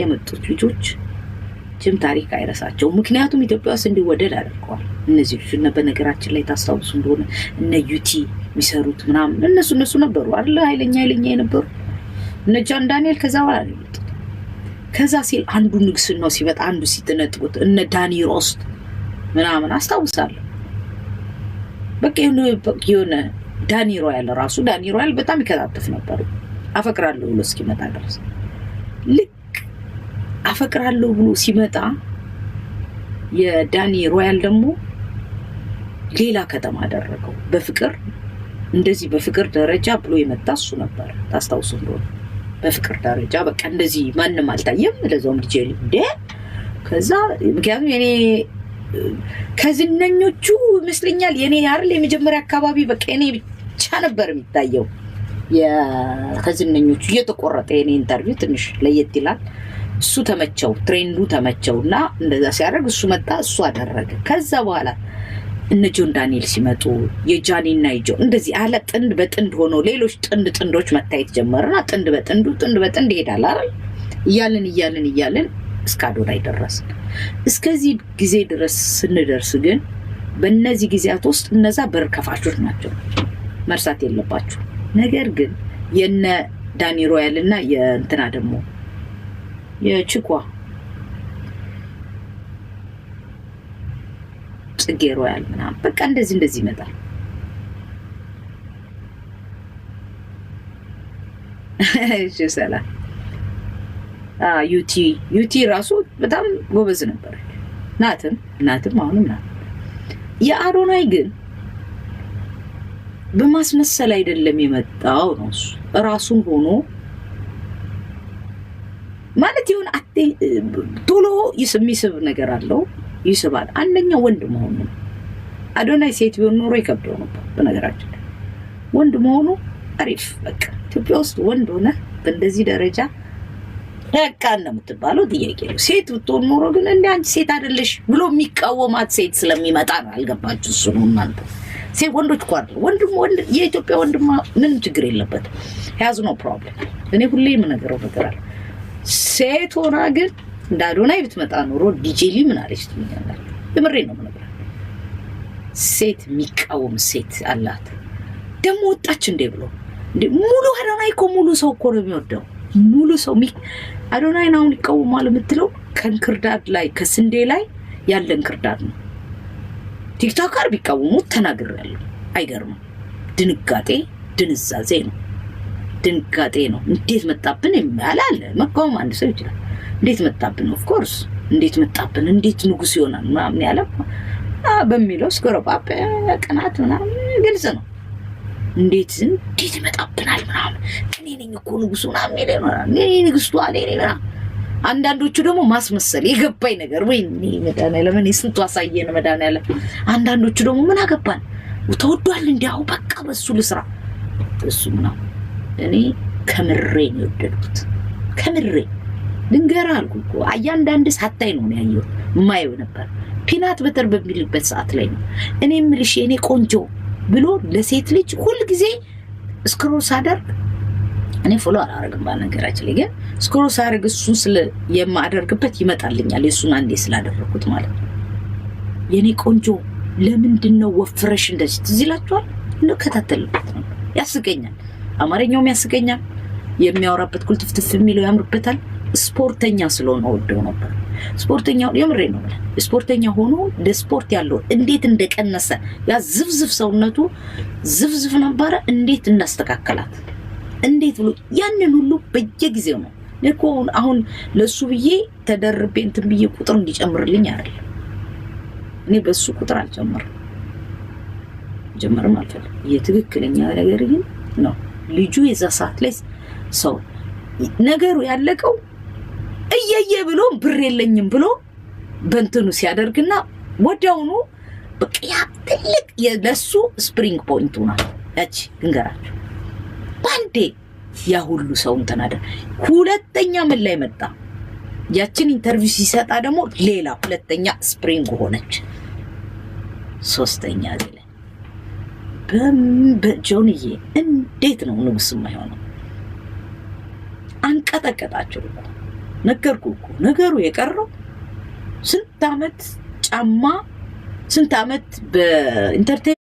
የመጡት ልጆች ጅም ታሪክ አይረሳቸው። ምክንያቱም ኢትዮጵያ ውስጥ እንዲወደድ አድርገዋል እነዚህ ልጆች። በነገራችን ላይ ታስታውሱ እንደሆነ እነ ዩቲ የሚሰሩት ምናምን እነሱ እነሱ ነበሩ አለ ኃይለኛ ኃይለኛ የነበሩ እነ ጃን ዳንኤል ከዛ በኋላ ሚመጡት ከዛ ሲል አንዱ ነው ሲበጣ አንዱ ሲትነጥቁት እነ ዳኒ ሮስት ምናምን አስታውሳለሁ። በቃ የሆነ ዳኒ ሮያል ራሱ ዳኒ ሮያል በጣም ይከታተፍ ነበር አፈቅራለሁ ብሎ እስኪመጣ ድረስ ልክ አፈቅራለሁ ብሎ ሲመጣ የዳኒ ሮያል ደግሞ ሌላ ከተማ አደረገው። በፍቅር እንደዚህ በፍቅር ደረጃ ብሎ የመጣ እሱ ነበር። ታስታውሱ እንደሆነ በፍቅር ደረጃ በቃ እንደዚህ ማንም አልታየም። ለዛውም ልጄ እንደ ከዛ ምክንያቱም የኔ ከዝነኞቹ ይመስለኛል የኔ አይደል የመጀመሪያ አካባቢ በቃ የኔ ብቻ ነበር የሚታየው ከዝነኞቹ እየተቆረጠ የኔ ኢንተርቪው ትንሽ ለየት ይላል። እሱ ተመቸው፣ ትሬንዱ ተመቸው እና እንደዛ ሲያደርግ እሱ መጣ፣ እሱ አደረገ። ከዛ በኋላ እነ ጆን ዳንኤል ሲመጡ የጃኒና እና እንደዚህ አለ ጥንድ በጥንድ ሆኖ ሌሎች ጥንድ ጥንዶች መታየት ጀመርና ጥንድ በጥንዱ ጥንድ በጥንድ ይሄዳል አይደል እያልን እያልን እያልን እስከ አዶናይ ደረስን። እስከዚህ ጊዜ ድረስ ስንደርስ ግን በእነዚህ ጊዜያት ውስጥ እነዛ በር ከፋቾች ናቸው፣ መርሳት የለባቸው። ነገር ግን የነ ዳኒ ሮያል እና የእንትና ደግሞ የችኳ ጽጌ ሮያል ምናምን በቃ እንደዚህ እንደዚህ ይመጣል። ሰላም ዩቲ ዩቲ ራሱ በጣም ጎበዝ ነበር ናትም ናትም አሁንም ናት። የአዶናይ ግን በማስመሰል አይደለም የመጣው ነው እሱ ራሱን ሆኖ ማለት የሆነ ቶሎ የሚስብ ነገር አለው፣ ይስባል። አንደኛው ወንድ መሆኑ ነው። አዶናይ ሴት ቢሆን ኖሮ ይከብደው ነበር። በነገራችን ላይ ወንድ መሆኑ አሪፍ። በቃ ኢትዮጵያ ውስጥ ወንድ ሆነ በእንደዚህ ደረጃ በቃ እንደምትባለው ጥያቄ ነው። ሴት ብትሆን ኖሮ ግን እንደ አንቺ ሴት አይደለሽ ብሎ የሚቃወማት ሴት ስለሚመጣ ነው። አልገባችሁ? እሱ ነው እናንተ ሴት ወንዶች ኳር ወንድም ወንድ የኢትዮጵያ ወንድማ ምንም ችግር የለበትም። ያዝ ነው ፕሮብለም። እኔ ሁሌ የምነገረው ነገር አለ ሴት ሆና ግን እንደ አዶናይ ብትመጣ ኖሮ ዲጄሊ ምን አለች ትኛላ? የምሬ ነው ምነግራ። ሴት የሚቃወም ሴት አላት። ደግሞ ወጣች እንዴ ብሎ ሙሉ አዶናይ እኮ ሙሉ ሰው እኮ ነው የሚወደው። ሙሉ ሰው አዶናይን አሁን ይቃወማል የምትለው ከእንክርዳድ ላይ ከስንዴ ላይ ያለ እንክርዳድ ነው። ቲክቶከር ቢቃወሙት ተናግሬያለሁ። አይገርምም። ድንጋጤ ድንዛዜ ነው። ድንጋጤ ነው። እንዴት መጣብን የሚያል አለ። መቃወም አንድ ሰው ይችላል። እንዴት መጣብን፣ ኦፍኮርስ እንዴት መጣብን፣ እንዴት ንጉስ ይሆናል ምናምን ያለ በሚለው ስገረባብ ቅናት ምናምን ግልጽ ነው። እንዴት እንዴት ይመጣብናል ምናምን እኔ ነኝ እኮ ንጉሱ ምናምን ይለ ይሆናል። እኔ ንግስቱ አለ ኔ ምናምን አንዳንዶቹ ደግሞ ማስመሰል የገባኝ ነገር ወይ መድኃኒዓለም እኔ ስንቱ አሳየን መድኃኒዓለም። አንዳንዶቹ ደግሞ ምን አገባን ተወዷል እንዲያው በቃ በሱ ልስራ እሱ ምናምን እኔ ከምሬ ነው የወደድኩት። ከምሬ ድንገራ አልኩ እኮ እያንዳንድ ሳታይ ነው ያየው የማየው ነበር። ፒናት በተር በሚልበት ሰዓት ላይ ነው እኔ ምልሽ የእኔ ቆንጆ ብሎ ለሴት ልጅ ሁልጊዜ ስክሮል ሳደርግ እኔ ፎሎ አላደርግም በነገራችን ላይ ግን ስክሮል ሳደርግ እሱን ስለ የማደርግበት ይመጣልኛል። የእሱን አንዴ ስላደረግኩት ማለት ነው። የእኔ ቆንጆ ለምንድን ነው ወፍረሽ እንደዚህ ትዝ ይላችኋል? እንደ ከታተልበት ነው ያስገኛል። አማርኛውም ያስገኛል የሚያወራበት ኩልትፍትፍ የሚለው ያምርበታል። ስፖርተኛ ስለሆነ ወደው ነበር። ስፖርተኛ የምሬ ነው። ስፖርተኛ ሆኖ ለስፖርት ያለው እንዴት እንደቀነሰ ያ ዝፍዝፍ ሰውነቱ ዝፍዝፍ ነበረ። እንዴት እናስተካከላት እንዴት ብሎ ያንን ሁሉ በየጊዜው ነው እኮ አሁን ለእሱ ብዬ ተደርቤ እንትን ብዬ ቁጥር እንዲጨምርልኝ አይደለም። እኔ በእሱ ቁጥር አልጨምርም፣ ጀመርም አልፈልግም። የትክክለኛ ነገር ግን ነው ልጁ የዛ ሰዓት ላይ ሰው ነገሩ ያለቀው እየየ ብሎ ብር የለኝም ብሎ በንትኑ ሲያደርግና ወዲያውኑ በቅያ ትልቅ ለሱ ስፕሪንግ ፖይንቱ ናት ያቺ። እንገራቸው ባንዴ ያ ሁሉ ሰው እንትን ሁለተኛ ምን ላይ መጣ? ያችን ኢንተርቪው ሲሰጣ ደግሞ ሌላ ሁለተኛ ስፕሪንግ ሆነች። ሶስተኛ ዜ በጆንዬ እንዴት ነው ንጉስ የማይሆነው? አንቀጠቀጣቸው እኮ ነገርኩ እኮ ነገሩ የቀረው ስንት አመት ጫማ ስንት አመት በኢንተርቴን